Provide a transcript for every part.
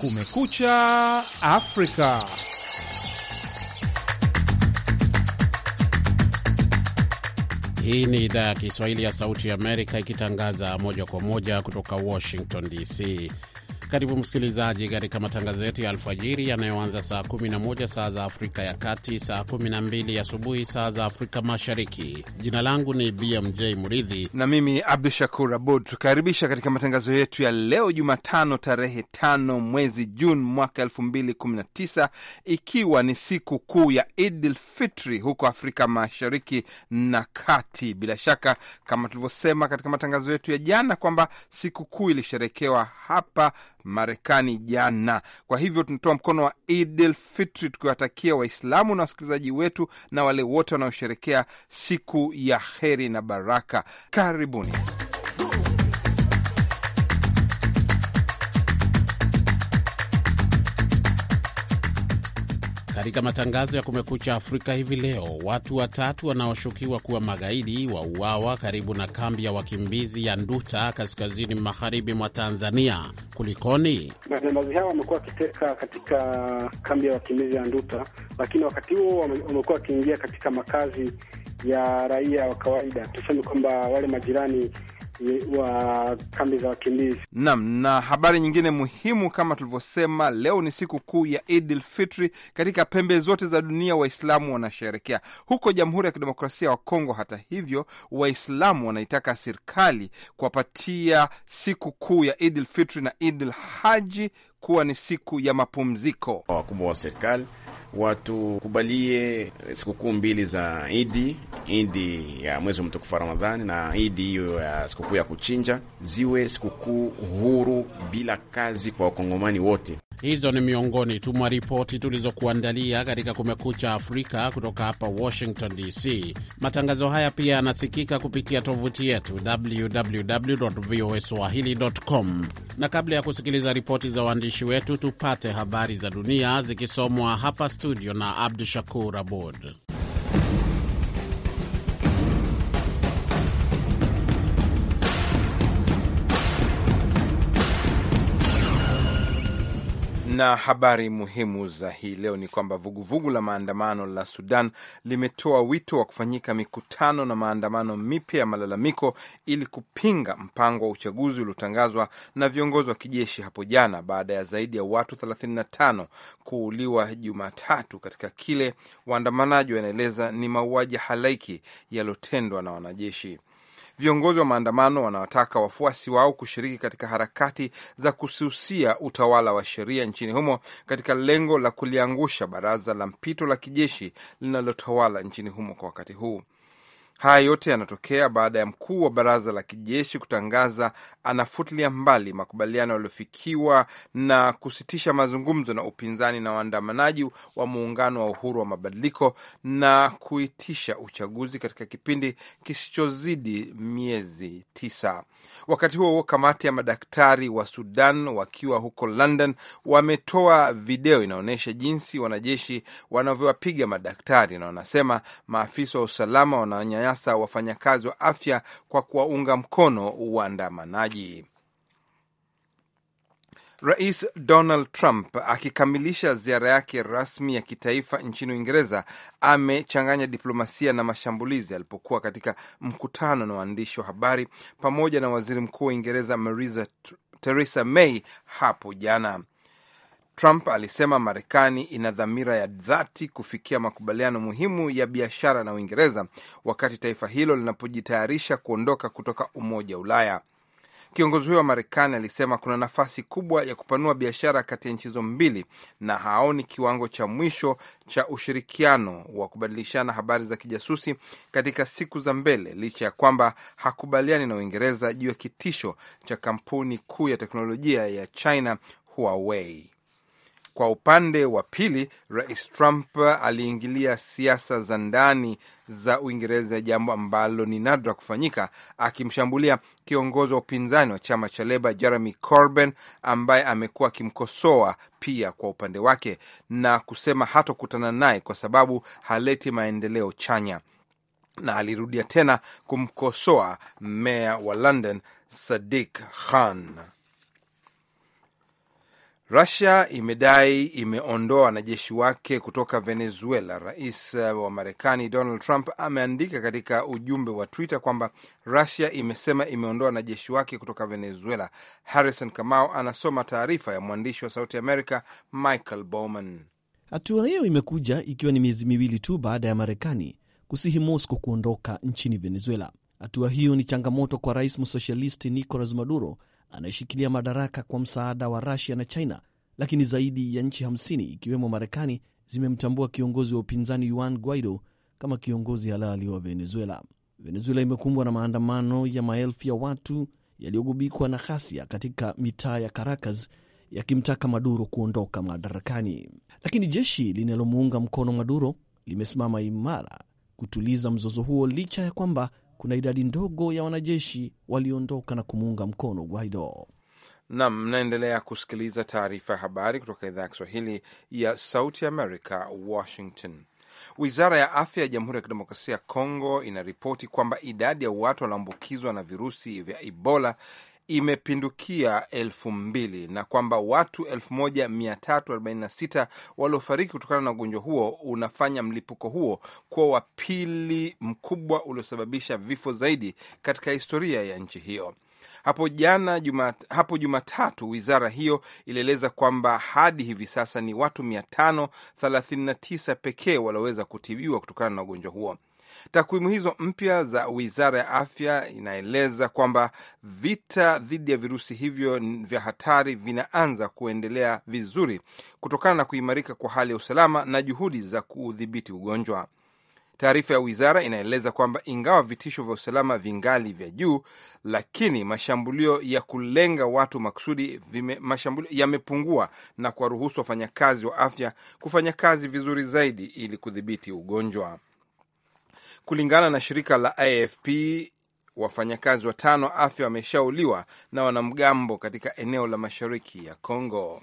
Kumekucha Afrika. Hii ni idhaa ya Kiswahili ya Sauti ya Amerika ikitangaza moja kwa moja kutoka Washington DC. Karibu msikilizaji katika matangazo yetu ya alfajiri yanayoanza saa 11 saa za Afrika ya Kati, saa 12 asubuhi saa za Afrika Mashariki. Jina langu ni BMJ Muridhi na mimi Abdu Shakur Abud, tukaribisha katika matangazo yetu ya leo Jumatano tarehe tano mwezi Juni mwaka 2019 ikiwa ni siku kuu ya Idil Fitri huko Afrika Mashariki na Kati. Bila shaka kama tulivyosema katika matangazo yetu ya jana kwamba siku kuu ilisherekewa hapa Marekani jana. Kwa hivyo tunatoa mkono wa Idil Fitri tukiwatakia Waislamu na wasikilizaji wetu na wale wote wanaosherekea siku ya heri na baraka. Karibuni. Katika matangazo ya Kumekucha Afrika hivi leo, watu watatu wanaoshukiwa kuwa magaidi wauawa karibu na kambi ya wakimbizi ya Nduta kaskazini magharibi mwa Tanzania. Kulikoni? Majambazi hao wamekuwa wakiteka katika kambi ya wakimbizi ya Nduta, lakini wakati huo wamekuwa wakiingia katika makazi ya raia wa kawaida, tuseme kwamba wale majirani wa kambi za wakimbizi. Naam, na habari nyingine muhimu kama tulivyosema, leo ni siku kuu ya Idi Lfitri. Katika pembe zote za dunia Waislamu wanasherekea. Huko Jamhuri ya Kidemokrasia wa Kongo, hata hivyo, Waislamu wanaitaka serikali kuwapatia siku kuu ya Idi Lfitri na Idi Haji kuwa ni siku ya mapumziko. Wakubwa wa serikali watukubalie eh, sikukuu mbili za Idi, Idi ya mwezi mtukufu wa Ramadhani na Idi hiyo ya sikukuu ya kuchinja, ziwe sikukuu huru bila kazi kwa wakongomani wote. Hizo ni miongoni tu mwa ripoti tulizokuandalia katika Kumekucha Afrika kutoka hapa Washington DC. Matangazo haya pia yanasikika kupitia tovuti yetu www voa swahili.com. Na kabla ya kusikiliza ripoti za waandishi wetu, tupate habari za dunia zikisomwa hapa studio na Abdu Shakur Abud. Na habari muhimu za hii leo ni kwamba vuguvugu la maandamano la Sudan limetoa wito wa kufanyika mikutano na maandamano mipya ya malalamiko ili kupinga mpango wa uchaguzi uliotangazwa na viongozi wa kijeshi hapo jana baada ya zaidi ya watu 35 kuuliwa Jumatatu katika kile waandamanaji wanaeleza ni mauaji halaiki yaliyotendwa na wanajeshi. Viongozi wa maandamano wanawataka wafuasi wao kushiriki katika harakati za kususia utawala wa sheria nchini humo katika lengo la kuliangusha baraza la mpito la kijeshi linalotawala nchini humo kwa wakati huu. Haya yote yanatokea baada ya mkuu wa baraza la kijeshi kutangaza anafutilia mbali makubaliano yaliyofikiwa na kusitisha mazungumzo na upinzani na waandamanaji wa muungano wa uhuru wa mabadiliko na kuitisha uchaguzi katika kipindi kisichozidi miezi tisa. Wakati huo huo, kamati ya madaktari wa Sudan wakiwa huko London wametoa video inaonyesha jinsi wanajeshi wanavyowapiga madaktari na wanasema maafisa wa usalama wananya kuwanyanyasa wafanyakazi wa afya kwa kuwaunga mkono waandamanaji. Rais Donald Trump akikamilisha ziara yake rasmi ya kitaifa nchini Uingereza amechanganya diplomasia na mashambulizi alipokuwa katika mkutano na waandishi wa habari pamoja na waziri mkuu wa Uingereza Theresa May hapo jana. Trump alisema Marekani ina dhamira ya dhati kufikia makubaliano muhimu ya biashara na Uingereza wakati taifa hilo linapojitayarisha kuondoka kutoka Umoja wa Ulaya. Kiongozi huyo wa Marekani alisema kuna nafasi kubwa ya kupanua biashara kati ya nchi hizo mbili, na haoni kiwango cha mwisho cha ushirikiano wa kubadilishana habari za kijasusi katika siku za mbele, licha ya kwamba hakubaliani na Uingereza juu ya kitisho cha kampuni kuu ya teknolojia ya China Huawei. Kwa upande wa pili, Rais Trump aliingilia siasa za ndani za Uingereza, jambo ambalo ni nadra kufanyika, akimshambulia kiongozi wa upinzani wa chama cha Leba Jeremy Corbyn, ambaye amekuwa akimkosoa pia kwa upande wake na kusema hatokutana naye kwa sababu haleti maendeleo chanya, na alirudia tena kumkosoa meya wa London Sadiq Khan. Rusia imedai imeondoa wanajeshi wake kutoka Venezuela. Rais uh, wa Marekani Donald Trump ameandika katika ujumbe wa Twitter kwamba Rusia imesema imeondoa wanajeshi wake kutoka Venezuela. Harrison Kamau anasoma taarifa ya mwandishi wa Sauti Amerika Michael Bowman. Hatua hiyo imekuja ikiwa ni miezi miwili tu baada ya Marekani kusihi Moscow kuondoka nchini Venezuela. Hatua hiyo ni changamoto kwa rais msosialisti Nicolas Maduro anayeshikilia madaraka kwa msaada wa Rusia na China, lakini zaidi ya nchi 50 ikiwemo Marekani zimemtambua kiongozi wa upinzani Juan Guaido kama kiongozi halali wa Venezuela. Venezuela imekumbwa na maandamano ya maelfu ya watu yaliyogubikwa na ghasia katika mitaa ya Caracas yakimtaka Maduro kuondoka madarakani, lakini jeshi linalomuunga mkono Maduro limesimama imara kutuliza mzozo huo licha ya kwamba kuna idadi ndogo ya wanajeshi waliondoka na kumuunga mkono Guaido. nam mnaendelea kusikiliza taarifa ya habari kutoka idhaa ya Kiswahili ya Sauti america Washington. Wizara ya afya ya Jamhuri ya Kidemokrasia ya Kongo inaripoti kwamba idadi ya watu walioambukizwa na virusi vya Ebola imepindukia elfu mbili na kwamba watu 1346 waliofariki kutokana na ugonjwa huo unafanya mlipuko huo kuwa wa pili mkubwa uliosababisha vifo zaidi katika historia ya nchi hiyo. Hapo jana juma, hapo Jumatatu wizara hiyo ilieleza kwamba hadi hivi sasa ni watu 539 pekee walioweza kutibiwa kutokana na ugonjwa huo. Takwimu hizo mpya za wizara ya afya inaeleza kwamba vita dhidi ya virusi hivyo vya hatari vinaanza kuendelea vizuri kutokana na kuimarika kwa hali ya usalama na juhudi za kuudhibiti ugonjwa. Taarifa ya wizara inaeleza kwamba ingawa vitisho vya usalama vingali vya juu, lakini mashambulio ya kulenga watu makusudi yamepungua na kuwaruhusu wafanyakazi wa afya kufanya kazi vizuri zaidi ili kudhibiti ugonjwa. Kulingana na shirika la AFP, wafanyakazi watano afya wameshauliwa na wanamgambo katika eneo la mashariki ya congo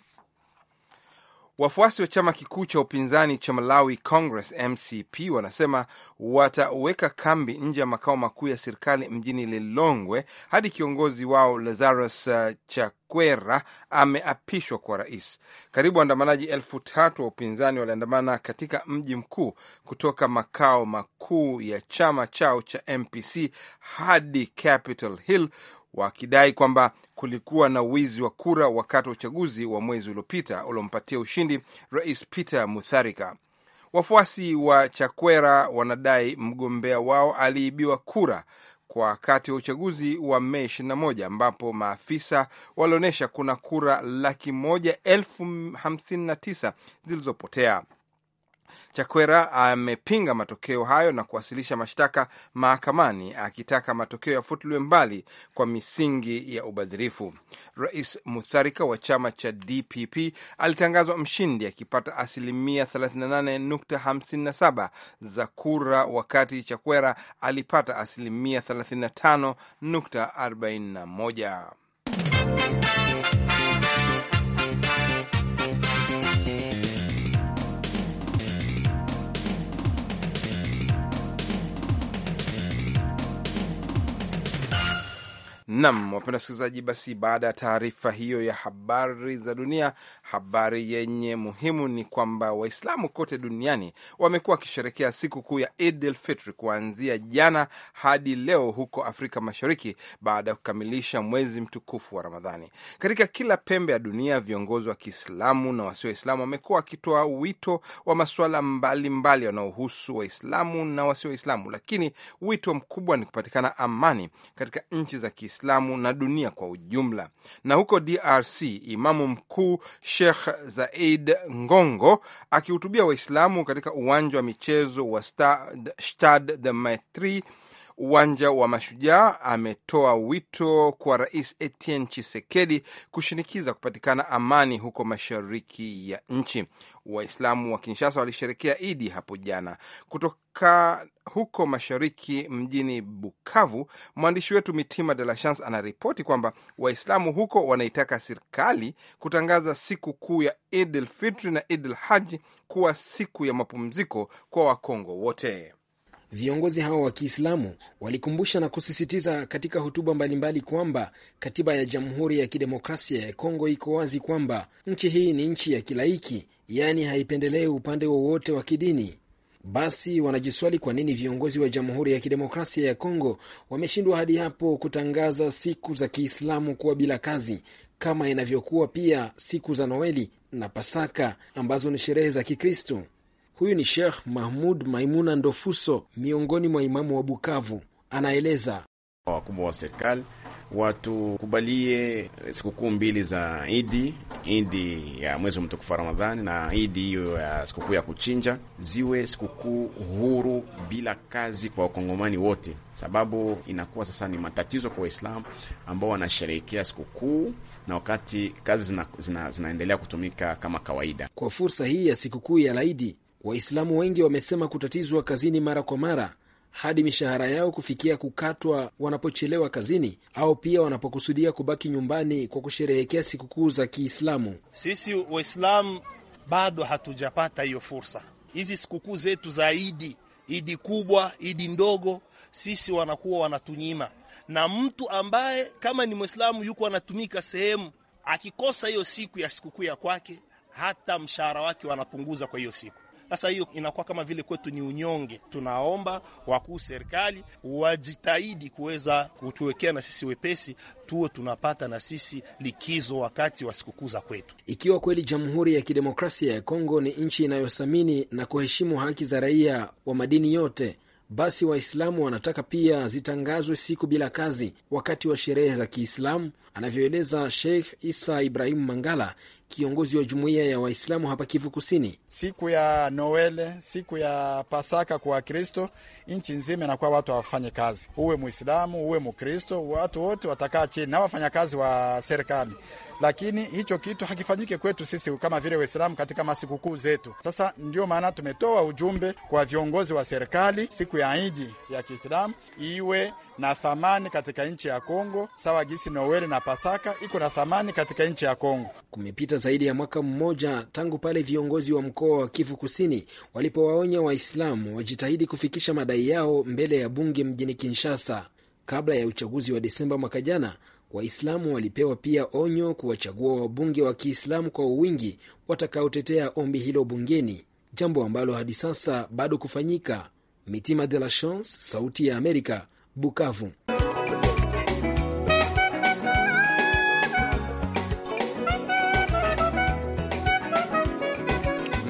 Wafuasi wa chama kikuu cha upinzani cha Malawi Congress MCP wanasema wataweka kambi nje ya makao makuu ya serikali mjini Lilongwe hadi kiongozi wao Lazarus uh, Chakwera ameapishwa kwa rais. Karibu waandamanaji elfu tatu wa upinzani waliandamana katika mji mkuu kutoka makao makuu ya chama chao cha MPC hadi Capitol Hill wakidai kwamba kulikuwa na wizi wa kura wakati wa uchaguzi wa mwezi uliopita uliompatia ushindi Rais Peter Mutharika. Wafuasi wa Chakwera wanadai mgombea wao aliibiwa kura kwa wakati wa uchaguzi wa Mei 21 ambapo maafisa walionyesha kuna kura laki moja elfu hamsini na tisa zilizopotea. Chakwera amepinga matokeo hayo na kuwasilisha mashtaka mahakamani akitaka matokeo yafutiliwe mbali kwa misingi ya ubadhirifu. Rais Mutharika wa chama cha DPP alitangazwa mshindi akipata asilimia 38.57 za kura, wakati Chakwera alipata asilimia 35.41. Nam, wapenda wasikilizaji, basi baada ya taarifa hiyo ya habari za dunia, Habari yenye muhimu ni kwamba Waislamu kote duniani wamekuwa wakisherekea siku kuu ya Id el Fitri kuanzia jana hadi leo huko Afrika Mashariki, baada ya kukamilisha mwezi mtukufu wa Ramadhani. Katika kila pembe ya dunia, viongozi wa Kiislamu na waislamu wamekuwa wakitoa wito wa masuala mbalimbali yanayohusu Waislamu na waislamu lakini wito mkubwa ni kupatikana amani katika nchi za Kiislamu na dunia kwa ujumla. Na huko DRC, imamu mkuu Sheikh Zaid Ngongo akihutubia Waislamu katika uwanja wa michezo wa Stade de Maitri uwanja wa Mashujaa ametoa wito kwa Rais Etienne Chisekedi kushinikiza kupatikana amani huko mashariki ya nchi. Waislamu wa Kinshasa walisherekea Idi hapo jana. Kutoka huko mashariki mjini Bukavu, mwandishi wetu Mitima De La Chance anaripoti kwamba Waislamu huko wanaitaka serikali kutangaza siku kuu ya Idil Fitri na Idil Haji kuwa siku ya mapumziko kwa Wakongo wote. Viongozi hao wa Kiislamu walikumbusha na kusisitiza katika hotuba mbalimbali kwamba katiba ya Jamhuri ya Kidemokrasia ya Kongo iko wazi kwamba nchi hii ni nchi ya kilaiki, yaani haipendelei upande wowote wa kidini. Basi wanajiswali kwa nini viongozi wa Jamhuri ya Kidemokrasia ya Kongo wameshindwa hadi hapo kutangaza siku za Kiislamu kuwa bila kazi kama inavyokuwa pia siku za Noeli na Pasaka ambazo ni sherehe za Kikristo. Huyu ni Sheikh Mahmud Maimuna Ndofuso, miongoni mwa imamu wa Bukavu, anaeleza wakubwa wa serikali watukubalie sikukuu mbili za Idi, Idi ya mwezi mtukufu wa Ramadhani na Idi hiyo ya sikukuu ya kuchinja ziwe sikukuu huru, bila kazi kwa wakongomani wote, sababu inakuwa sasa ni matatizo kwa Waislamu ambao wanasherehekea sikukuu na wakati kazi zina, zina, zinaendelea kutumika kama kawaida. Kwa fursa hii ya sikukuu ya laidi Waislamu wengi wamesema kutatizwa kazini mara kwa mara hadi mishahara yao kufikia kukatwa wanapochelewa kazini au pia wanapokusudia kubaki nyumbani kwa kusherehekea sikukuu za Kiislamu. Sisi Waislamu bado hatujapata hiyo fursa. Hizi sikukuu zetu za Idi, Idi kubwa, Idi ndogo, sisi wanakuwa wanatunyima. Na mtu ambaye kama ni Mwislamu yuko anatumika sehemu, akikosa hiyo siku ya sikukuu ya kwake, hata mshahara wake wanapunguza kwa hiyo siku. Sasa hiyo inakuwa kama vile kwetu ni unyonge. Tunaomba wakuu serikali wajitahidi kuweza kutuwekea na sisi wepesi, tuwe tunapata na sisi likizo wakati wa sikukuu za kwetu. Ikiwa kweli Jamhuri ya Kidemokrasia ya Kongo ni nchi inayothamini na kuheshimu haki za raia wa madini yote, basi Waislamu wanataka pia zitangazwe siku bila kazi wakati wa sherehe za Kiislamu anavyoeleza Sheikh Isa Ibrahimu Mangala, kiongozi wa jumuiya ya Waislamu hapa Kivu Kusini. Siku ya Noele, siku ya Pasaka kwa Wakristo nchi nzima inakuwa watu hawafanye kazi, uwe Mwislamu uwe Mkristo, watu wote watakaa chini na wafanyakazi wa serikali lakini hicho kitu hakifanyike kwetu sisi kama vile Waislamu katika masikukuu zetu. Sasa ndio maana tumetoa ujumbe kwa viongozi wa serikali, siku ya Idi ya Kiislamu iwe na thamani katika nchi ya Kongo, sawa gisi Noweli na Pasaka iko na thamani katika nchi ya Kongo. Kumepita zaidi ya mwaka mmoja tangu pale viongozi wa mkoa wa Kivu Kusini walipowaonya Waislamu wajitahidi kufikisha madai yao mbele ya bunge mjini Kinshasa kabla ya uchaguzi wa Desemba mwaka jana. Waislamu walipewa pia onyo kuwachagua wabunge wa Kiislamu kwa uwingi watakaotetea ombi hilo bungeni, jambo ambalo hadi sasa bado kufanyika. Mitima de la Chance, Sauti ya Amerika, Bukavu.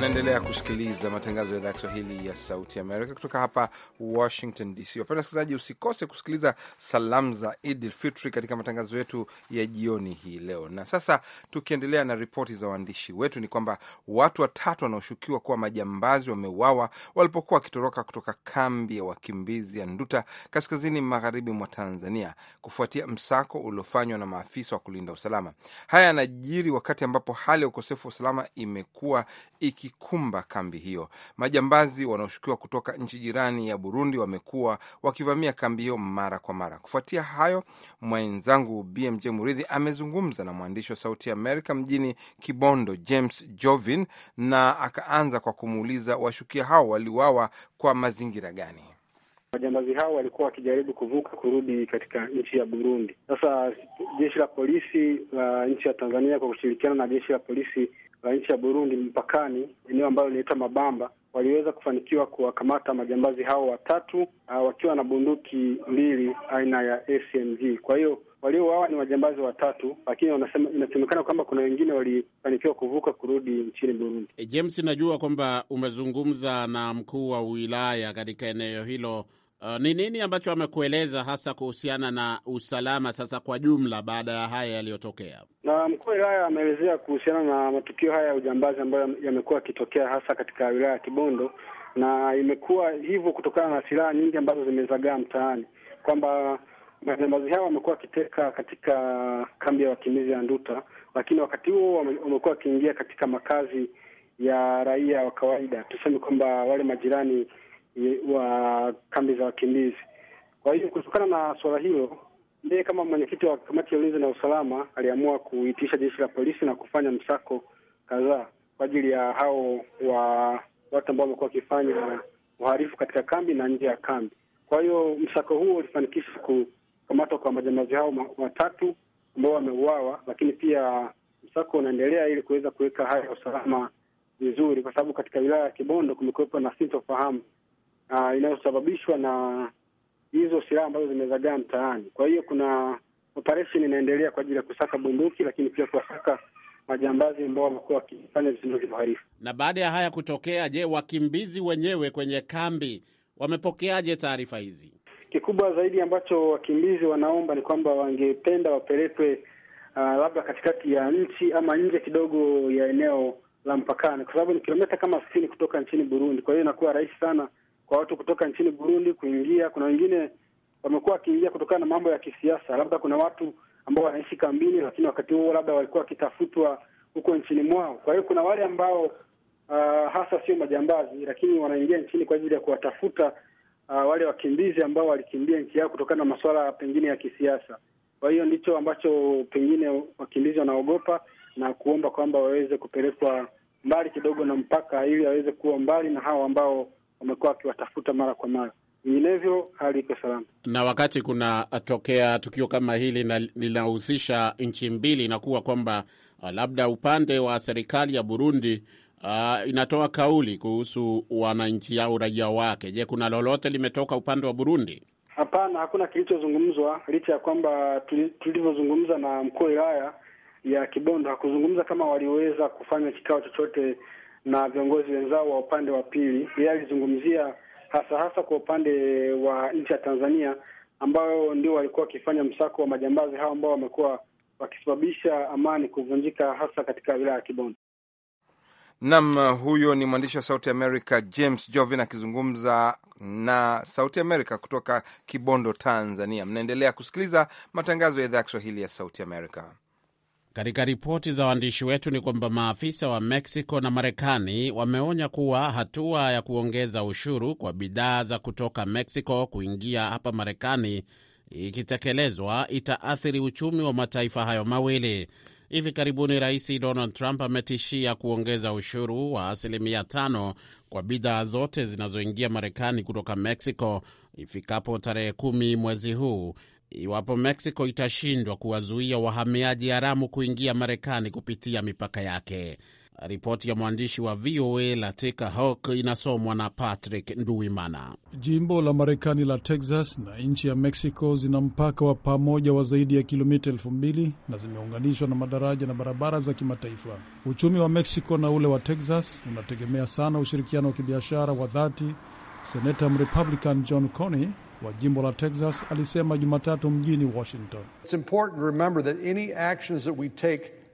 Unaendelea kusikiliza matangazo ya idhaa ya Kiswahili ya Sauti Amerika kutoka hapa Washington DC. Wapenda wasikilizaji, usikose kusikiliza salamu za Idil Fitri katika matangazo yetu ya jioni hii leo. Na sasa tukiendelea na ripoti za waandishi wetu, ni kwamba watu watatu wanaoshukiwa kuwa majambazi wameuawa walipokuwa wakitoroka kutoka kambi ya wakimbizi ya Nduta kaskazini magharibi mwa Tanzania kufuatia msako uliofanywa na maafisa wa kulinda usalama. Haya yanajiri wakati ambapo hali ya ukosefu wa usalama imekuwa iki ikikumba kambi hiyo. Majambazi wanaoshukiwa kutoka nchi jirani ya Burundi wamekuwa wakivamia kambi hiyo mara kwa mara. Kufuatia hayo, mwenzangu BMJ Muridhi amezungumza na mwandishi wa Sauti Amerika mjini Kibondo, James Jovin, na akaanza kwa kumuuliza washukia hao waliuawa kwa mazingira gani? Majambazi hao walikuwa wakijaribu kuvuka kurudi katika nchi ya Burundi. Sasa jeshi la polisi la uh, nchi ya Tanzania kwa kushirikiana na jeshi la polisi la nchi ya Burundi mpakani, eneo ambalo linaitwa Mabamba, waliweza kufanikiwa kuwakamata majambazi hao watatu uh, wakiwa na bunduki mbili aina ya SMG. Kwa hiyo waliouawa ni majambazi watatu, lakini wanasema, inasemekana kwamba kuna wengine walifanikiwa kuvuka kurudi nchini Burundi. Eh, James, najua kwamba umezungumza na mkuu wa wilaya katika eneo hilo Uh, ni nini ambacho amekueleza hasa kuhusiana na usalama sasa kwa jumla baada ya haya yaliyotokea? Na mkuu wa wilaya ameelezea kuhusiana na matukio haya ya ujambazi ambayo yamekuwa yakitokea hasa katika wilaya ya Kibondo, na imekuwa hivyo kutokana na silaha nyingi ambazo zimezagaa mtaani, kwamba majambazi hao wamekuwa wakiteka katika kambi ya wakimbizi ya Nduta, lakini wakati huo wamekuwa wakiingia katika makazi ya raia wa kawaida, tuseme kwamba wale majirani wa kambi za wakimbizi. Kwa hiyo kutokana na suala hilo, yeye kama mwenyekiti wa kamati ya ulinzi na usalama aliamua kuitisha jeshi la polisi na kufanya msako kadhaa kwa ajili ya hao wa watu ambao wamekuwa wakifanya uhalifu katika kambi na nje ya kambi. Kwa hiyo msako huo ulifanikisha kukamatwa kwa majambazi hao watatu ambao wameuawa, lakini pia msako unaendelea ili kuweza kuweka hali ya usalama vizuri, kwa sababu katika wilaya ya Kibondo kumekuwepo na sintofahamu uh, inayosababishwa na hizo silaha ambazo zimezagaa mtaani. Kwa hiyo kuna operation inaendelea kwa ajili ya kusaka bunduki, lakini pia kuwasaka majambazi ambao wamekuwa wakifanya vitendo vya uhalifu. Na baada ya haya kutokea, je, wakimbizi wenyewe kwenye kambi wamepokeaje taarifa hizi? Kikubwa zaidi ambacho wakimbizi wanaomba ni kwamba wangependa wapelekwe uh, labda katikati ya nchi ama nje kidogo ya eneo la mpakani, kwa sababu ni kilomita kama sitini kutoka nchini Burundi. Kwa hiyo inakuwa rahisi sana kwa watu kutoka nchini Burundi kuingia. Kuna wengine wamekuwa wakiingia kutokana na mambo ya kisiasa, labda kuna watu ambao wanaishi kambini, lakini wakati huo labda walikuwa wakitafutwa huko nchini mwao. Kwa hiyo kuna wale ambao uh, hasa sio majambazi, lakini wanaingia nchini kwa ajili ya kuwatafuta uh, wale wakimbizi ambao walikimbia nchi yao kutokana na masuala pengine ya kisiasa. Kwa hiyo ndicho ambacho pengine wakimbizi wanaogopa na kuomba kwamba waweze kupelekwa mbali kidogo na mpaka, ili waweze kuwa mbali na hao ambao wamekuwa wakiwatafuta mara kwa mara. Vinginevyo hali iko salama. Na wakati kuna tokea tukio kama hili linahusisha nchi mbili, inakuwa kwamba uh, labda upande wa serikali ya Burundi Uh, inatoa kauli kuhusu wananchi au raia wake. Je, kuna lolote limetoka upande wa Burundi? Hapana, hakuna kilichozungumzwa, licha ya kwamba tulivyozungumza na mkuu wa wilaya ya Kibondo hakuzungumza kama waliweza kufanya kikao chochote na viongozi wenzao wa upande wa pili. Yeye alizungumzia hasa hasa kwa upande wa nchi ya Tanzania, ambayo ndio walikuwa wakifanya msako wa majambazi hao ambao wamekuwa wakisababisha amani kuvunjika hasa katika wilaya ya Kibondo. Nam, huyo ni mwandishi wa Sauti Amerika James Jovin akizungumza na Sauti Amerika kutoka Kibondo, Tanzania. Mnaendelea kusikiliza matangazo ya idhaa ya Kiswahili ya Sauti Amerika. Katika ripoti za waandishi wetu ni kwamba maafisa wa Meksiko na Marekani wameonya kuwa hatua ya kuongeza ushuru kwa bidhaa za kutoka Meksiko kuingia hapa Marekani ikitekelezwa itaathiri uchumi wa mataifa hayo mawili. Hivi karibuni Rais Donald Trump ametishia kuongeza ushuru wa asilimia tano kwa bidhaa zote zinazoingia Marekani kutoka Mexico ifikapo tarehe kumi mwezi huu, iwapo Mexico itashindwa kuwazuia wahamiaji haramu kuingia Marekani kupitia mipaka yake. Ripoti ya mwandishi wa VOA Latika Hawk inasomwa na Patrick nduimana Jimbo la Marekani la Texas na nchi ya Mexico zina mpaka wa pamoja wa zaidi ya kilomita elfu mbili na zimeunganishwa na madaraja na barabara za kimataifa. Uchumi wa Mexico na ule wa Texas unategemea sana ushirikiano wa kibiashara wa dhati. Senata Mrepublican John Coney wa jimbo la Texas alisema Jumatatu mjini Washington.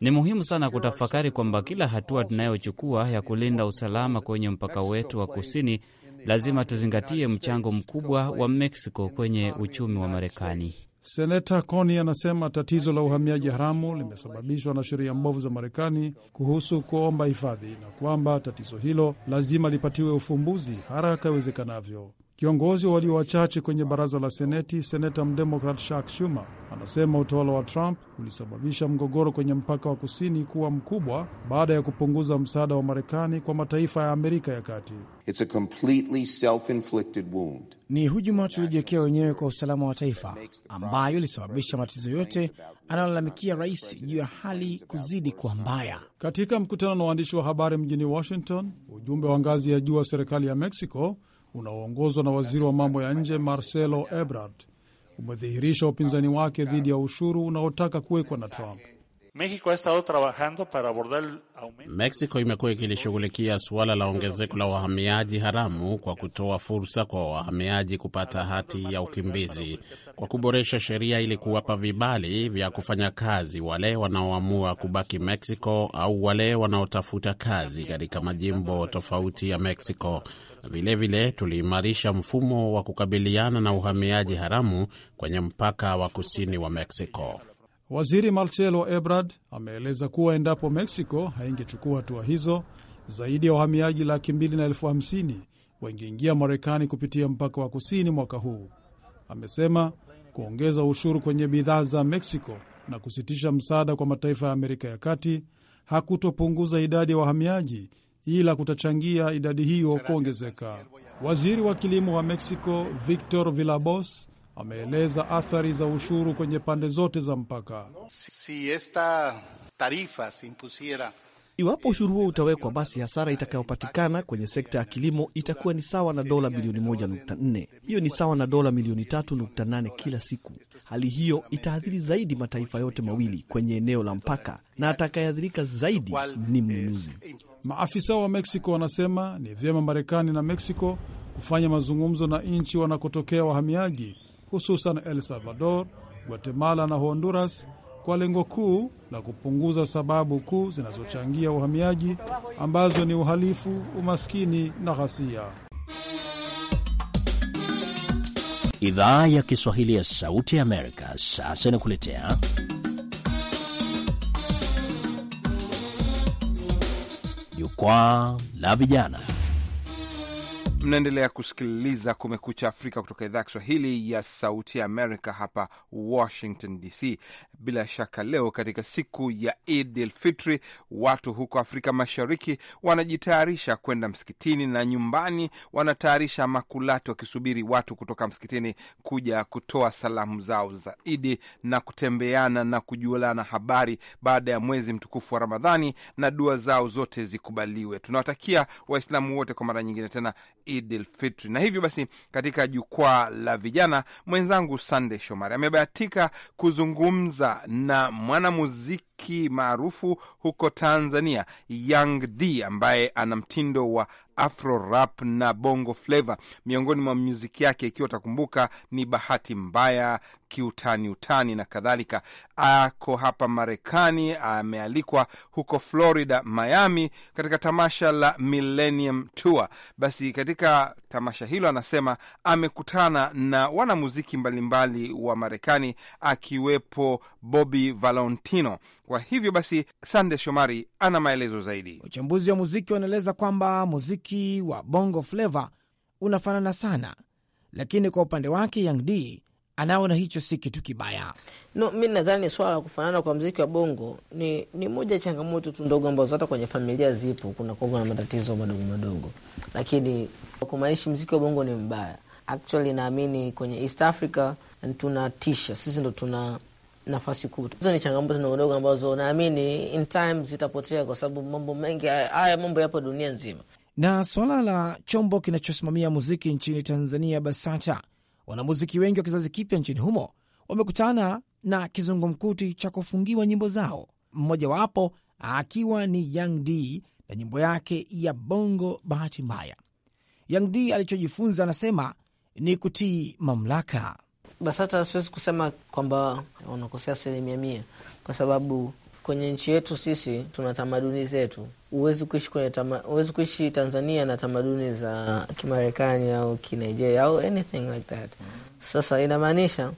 ni muhimu sana kutafakari kwamba kila hatua tunayochukua ya kulinda usalama kwenye mpaka wetu wa kusini lazima tuzingatie mchango mkubwa wa Meksiko kwenye uchumi wa Marekani. Seneta Coni anasema tatizo la uhamiaji haramu limesababishwa na sheria mbovu za Marekani kuhusu kuomba hifadhi na kwamba tatizo hilo lazima lipatiwe ufumbuzi haraka iwezekanavyo. Kiongozi wa walio wachache kwenye baraza la Seneti, seneta mdemokrat Chuck Schumer anasema utawala wa Trump ulisababisha mgogoro kwenye mpaka wa kusini kuwa mkubwa baada ya kupunguza msaada wa Marekani kwa mataifa ya Amerika ya Kati. It's a completely self-inflicted wound. Ni hujuma tuliojiwekea wenyewe kwa usalama wa taifa ambayo ilisababisha matatizo yote analalamikia rais juu ya hali kuzidi kuwa mbaya. Katika mkutano na waandishi wa habari mjini Washington, ujumbe wa ngazi ya juu wa serikali ya Mexico unaoongozwa na waziri wa mambo ya nje Marcelo Ebrard umedhihirisha upinzani wake dhidi ya ushuru unaotaka kuwekwa na Trump. Mexico imekuwa ikilishughulikia suala la ongezeko la wahamiaji haramu kwa kutoa fursa kwa wahamiaji kupata hati ya ukimbizi kwa kuboresha sheria ili kuwapa vibali vya kufanya kazi wale wanaoamua kubaki Mexico au wale wanaotafuta kazi katika majimbo tofauti ya Mexico. Vilevile tuliimarisha mfumo wa kukabiliana na uhamiaji haramu kwenye mpaka wa kusini wa Meksiko. Waziri Marcelo Ebrard ameeleza kuwa endapo Meksiko haingechukua hatua hizo, zaidi ya wahamiaji laki mbili na elfu hamsini wangeingia Marekani kupitia mpaka wa kusini mwaka huu. Amesema kuongeza ushuru kwenye bidhaa za Meksiko na kusitisha msaada kwa mataifa ya Amerika ya Kati hakutopunguza idadi ya wahamiaji ila kutachangia idadi hiyo kuongezeka. Waziri wa kilimo wa Meksiko Victor Vilabos ameeleza athari za ushuru kwenye pande zote za mpaka. Si esta tarifa se impusiera Iwapo ushuru huo utawekwa, basi hasara itakayopatikana kwenye sekta ya kilimo itakuwa ni sawa na dola bilioni 1.4. Hiyo ni sawa na dola milioni 3.8 kila siku. Hali hiyo itaathiri zaidi mataifa yote mawili kwenye eneo la mpaka, na atakayeathirika zaidi ni mnunuzi. Maafisa wa Meksiko wanasema ni vyema Marekani na Meksiko kufanya mazungumzo na nchi wanakotokea wahamiaji, hususan El Salvador, Guatemala na Honduras kwa lengo kuu la kupunguza sababu kuu zinazochangia uhamiaji ambazo ni uhalifu, umaskini na ghasia. Idhaa ya Kiswahili ya Sauti ya Amerika sasa inakuletea Jukwaa la Vijana. Mnaendelea kusikiliza Kumekucha Afrika kutoka idhaa ya Kiswahili ya Sauti ya Amerika hapa Washington DC. Bila shaka, leo katika siku ya Id el Fitri, watu huko Afrika Mashariki wanajitayarisha kwenda msikitini na nyumbani, wanatayarisha makulati wakisubiri watu kutoka msikitini kuja kutoa salamu zao za Idi na kutembeana na kujuliana habari baada ya mwezi mtukufu wa Ramadhani, na dua zao zote zikubaliwe. Tunawatakia Waislamu wote kwa mara nyingine tena Idil Fitri. Na hivyo basi, katika jukwaa la vijana, mwenzangu Sandey Shomari amebahatika kuzungumza na mwanamuziki maarufu huko Tanzania, Young D ambaye ana mtindo wa afro rap na bongo flava miongoni mwa muziki yake, ikiwa utakumbuka ni bahati mbaya, kiutani utani na kadhalika. Ako hapa Marekani, amealikwa huko Florida, Miami, katika tamasha la Millennium Tour. Basi katika tamasha hilo anasema amekutana na wanamuziki mbalimbali wa Marekani, akiwepo Bobby Valentino kwa hivyo basi, Sande Shomari ana maelezo zaidi. Wachambuzi wa muziki wanaeleza kwamba muziki wa Bongo Flava unafanana sana, lakini kwa upande wake Young D anaona hicho si kitu kibaya. No, mi nadhani swala la kufanana kwa mziki wa bongo ni, ni moja ya changamoto tu ndogo ambazo hata kwenye familia zipo, kuna kuwa na matatizo madogo madogo, lakini kumaanisha mziki wa bongo ni mbaya. Actually naamini kwenye East Africa tunatisha sisi ndo tuna nafasi kuu. Hizo ni changamoto ndogondogo ambazo naamini in time zitapotea, kwa sababu mambo mengi haya mambo yapo dunia nzima. Na suala la chombo kinachosimamia muziki nchini Tanzania, BASATA, wanamuziki wengi wa kizazi kipya nchini humo wamekutana na kizungumkuti cha kufungiwa nyimbo zao, mmojawapo akiwa ni Young D na nyimbo yake ya Bongo Bahati Mbaya. Young D alichojifunza anasema ni kutii mamlaka. BASATA siwezi kusema kwamba wanakosea asilimia mia, kwa sababu kwenye nchi yetu sisi tuna tamaduni zetu. Huwezi kuishi kwenye tama, huwezi kuishi Tanzania na tamaduni za Kimarekani au Kinigeria au anything like that. Sasa inamaanisha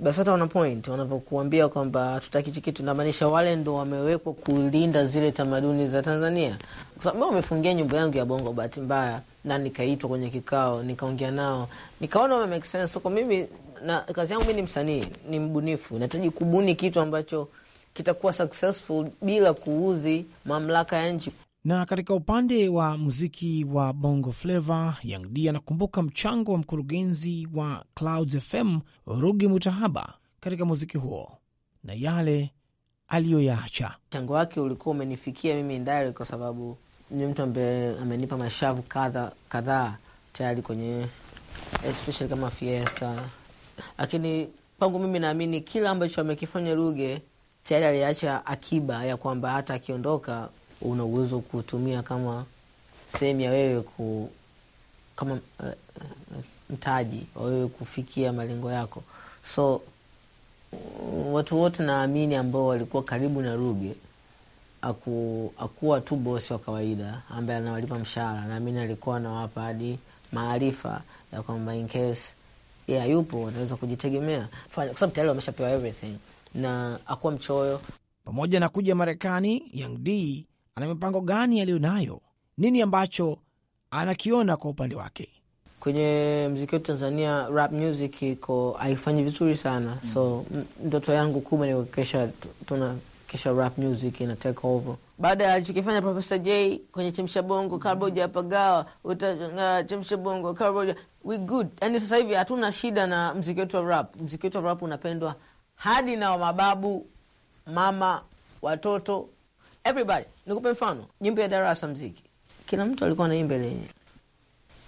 BASATA wana point wanavyokuambia kwamba hatutaki hichi kitu, inamaanisha wale ndo wamewekwa kulinda zile tamaduni za Tanzania, kwa sababu wamefungia nyumba yangu ya Bongo bahati mbaya na nikaitwa kwenye kikao, nikaongea nao, nikaona wame make sense. Kwa mimi na kazi yangu mi ni msanii, ni mbunifu, nahitaji kubuni kitu ambacho kitakuwa successful bila kuudhi mamlaka ya nchi. Na katika upande wa muziki wa Bongo Flava, Young D anakumbuka mchango wa mkurugenzi wa Clouds FM Rugi Mutahaba katika muziki huo na yale aliyoyaacha. Mchango wake ulikuwa umenifikia mimi ndari, kwa sababu ni mtu ambaye amenipa mashavu kadha kadhaa tayari kwenye especially kama Fiesta lakini pangu mimi naamini kila ambacho amekifanya Ruge tayari aliacha akiba ya kwamba hata akiondoka una uwezo kutumia kama sehemu ya wewe ku kama uh, mtaji wa wewe kufikia malengo yako. So watu wote naamini ambao walikuwa karibu na Ruge aku, akuwa tu bosi wa kawaida ambaye anawalipa mshahara, naamini alikuwa anawapa hadi maarifa ya kwamba in case yeah, yupo anaweza kujitegemea kwa sababu tayari wameshapewa everything na akuwa mchoyo. Pamoja na kuja Marekani, Young D ana mipango gani nayo Nini ambacho anakiona kwa upande wake? Kwenye mziki wetu Tanzania, rap music iko haifanyi vizuri sana mm. So ndoto yangu kubwa ni kuhakikisha kisha rap music ina take over baada ya alichokifanya Profesa J kwenye Chemsha Bongo kabla hujapagawa utachemsha bongo kabla we good. Yani sasa hivi hatuna shida na mziki wetu wa rap. Mziki wetu wa rap unapendwa hadi na mababu, mama, watoto, everybody. Nikupe mfano, nyimbo ya darasa, mziki kila mtu alikuwa anaimba ile yenyewe,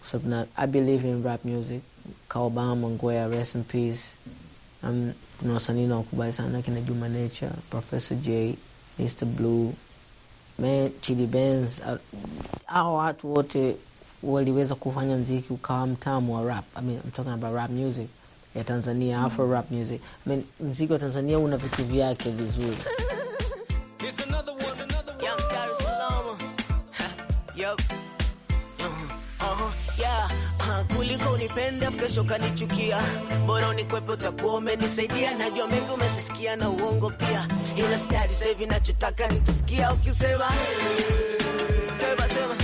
kwa sababu na I believe in rap music. Kaobama Ngwea, rest in peace. Um, kuna wasanii na sana kina Juma Nature, Professor J, Mr Blue, man Chidi Benz, uh, hao watu wote waliweza kufanya mziki ukawa mtamu wa rap. I mean, I'm talking about rap music ya Tanzania, mm. afro rap music. I mean, mziki wa Tanzania una vitu vyake vizuri. Uh-huh. Uh-huh. Uh-huh. Kuliko unipende kesho kanichukia, bora unikwepe, utakuwa umenisaidia. Najua mengi umeshasikia na uongo pia, ila sasa hivi nachotaka nikusikia ukisema, sema sema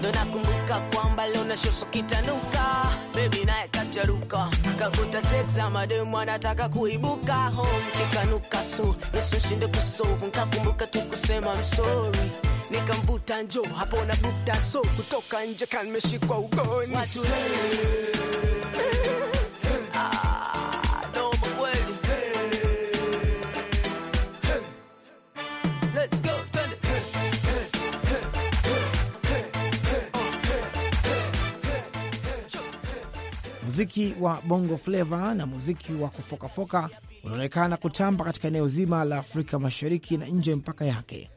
ndo nakumbuka kwamba leo na shoso kitanuka, bebi naye kajaruka, kakuta texa mademu anataka kuibuka home kikanuka, so Yesu shinde kusovu, nkakumbuka tu kusema msori nikamvuta njo hapo na bukta so kutoka nje kanmeshikwa ugoni watu Muziki wa bongo fleva na muziki wa kufokafoka unaonekana kutamba katika eneo zima la Afrika Mashariki na nje mpaka yake.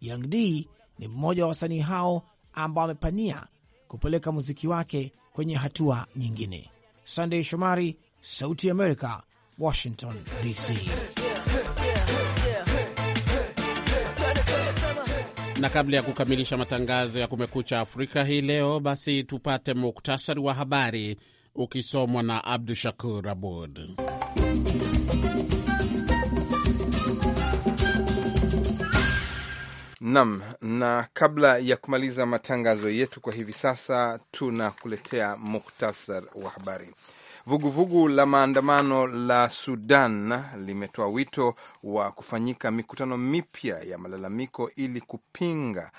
Young D ni mmoja wa wasanii hao ambao amepania kupeleka muziki wake kwenye hatua nyingine. Sandey Shomari, Sauti ya Amerika, Washington DC. Na kabla ya kukamilisha matangazo ya Kumekucha Afrika hii leo, basi tupate muktasari wa habari ukisomwa na Abdu Shakur Abud. Nam, na kabla ya kumaliza matangazo yetu kwa hivi sasa, tunakuletea muhtasar wa habari. Vuguvugu vugu la maandamano la Sudan limetoa wito wa kufanyika mikutano mipya ya malalamiko ili kupinga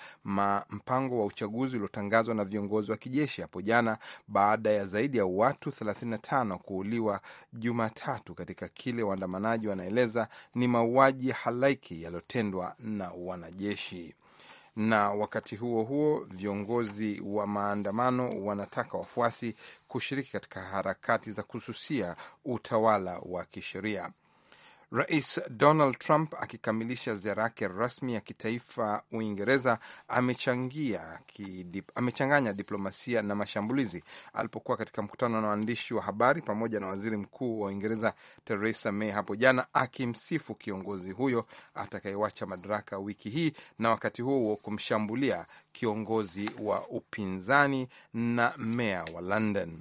mpango wa uchaguzi uliotangazwa na viongozi wa kijeshi hapo jana baada ya zaidi ya watu 35 kuuliwa Jumatatu katika kile waandamanaji wanaeleza ni mauaji halaiki yaliyotendwa na wanajeshi na wakati huo huo viongozi wa maandamano wanataka wafuasi kushiriki katika harakati za kususia utawala wa kisheria. Rais Donald Trump akikamilisha ziara yake rasmi ya kitaifa Uingereza, amechangia kidip, amechanganya diplomasia na mashambulizi alipokuwa katika mkutano na waandishi wa habari pamoja na waziri mkuu wa Uingereza Theresa May hapo jana, akimsifu kiongozi huyo atakayewacha madaraka wiki hii na wakati huo kumshambulia kiongozi wa upinzani na meya wa London.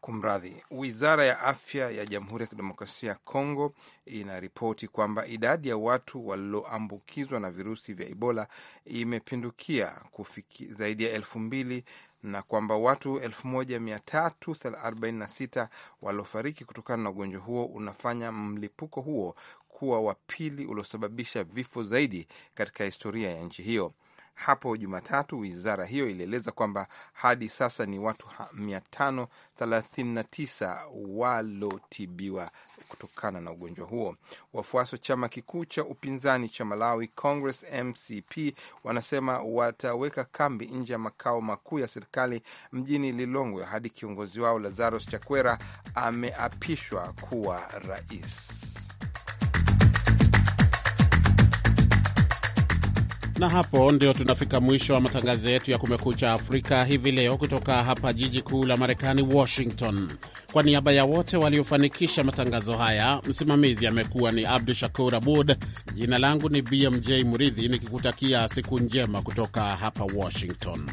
Kumradhi, wizara ya afya ya Jamhuri ya Kidemokrasia ya Kongo inaripoti kwamba idadi ya watu walioambukizwa na virusi vya Ebola imepindukia kufiki zaidi ya elfu mbili na kwamba watu 1346 waliofariki kutokana na ugonjwa huo unafanya mlipuko huo kuwa wa pili uliosababisha vifo zaidi katika historia ya nchi hiyo. Hapo Jumatatu, wizara hiyo ilieleza kwamba hadi sasa ni watu 539 walotibiwa kutokana na ugonjwa huo. Wafuasi wa chama kikuu cha upinzani cha Malawi Congress MCP wanasema wataweka kambi nje ya makao makuu ya serikali mjini Lilongwe hadi kiongozi wao Lazarus Chakwera ameapishwa kuwa rais. Na hapo ndio tunafika mwisho wa matangazo yetu ya Kumekucha Afrika hivi leo, kutoka hapa jiji kuu la Marekani, Washington. Kwa niaba ya wote waliofanikisha matangazo haya, msimamizi amekuwa ni Abdu Shakur Abud, jina langu ni BMJ Muridhi, nikikutakia siku njema kutoka hapa Washington.